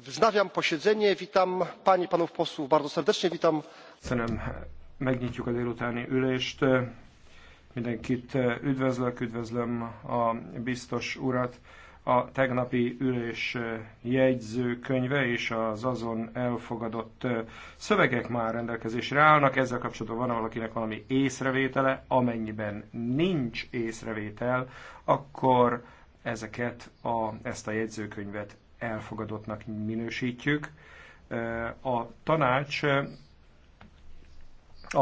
Wznawiam posiedzenie. Witam panie i panów posłów bardzo serdecznie. Witam. Megnyitjuk a délutáni ülést. Mindenkit üdvözlök, üdvözlöm a biztos urat a tegnapi ülés jegyzőkönyve és az azon elfogadott szövegek már rendelkezésre állnak. Ezzel kapcsolatban van valakinek valami észrevétele, amennyiben nincs észrevétel, akkor ezeket a, ezt a jegyzőkönyvet elfogadottnak minősítjük. A tanács